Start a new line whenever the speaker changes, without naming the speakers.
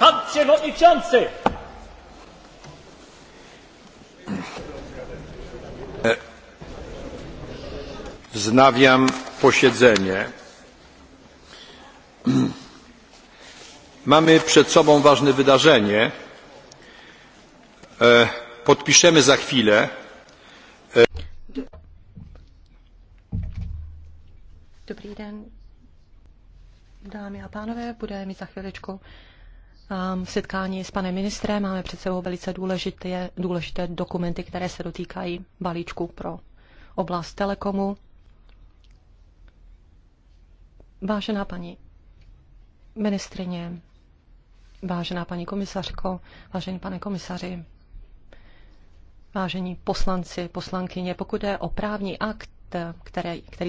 Pan przewodniczący!
Wznawiam posiedzenie.
Mamy przed sobą ważne wydarzenie. E, podpiszemy za chwilę.
Dobrý den, dámy a pánové, budeme mít za chviličku setkání s panem ministrem. Máme před sebou velice důležité, důležité dokumenty, které se dotýkají balíčku pro oblast telekomu. Vážená paní ministrině, vážená paní komisařko, vážený pane komisaři, vážení poslanci, poslankyně, pokud je o právní akt, který, který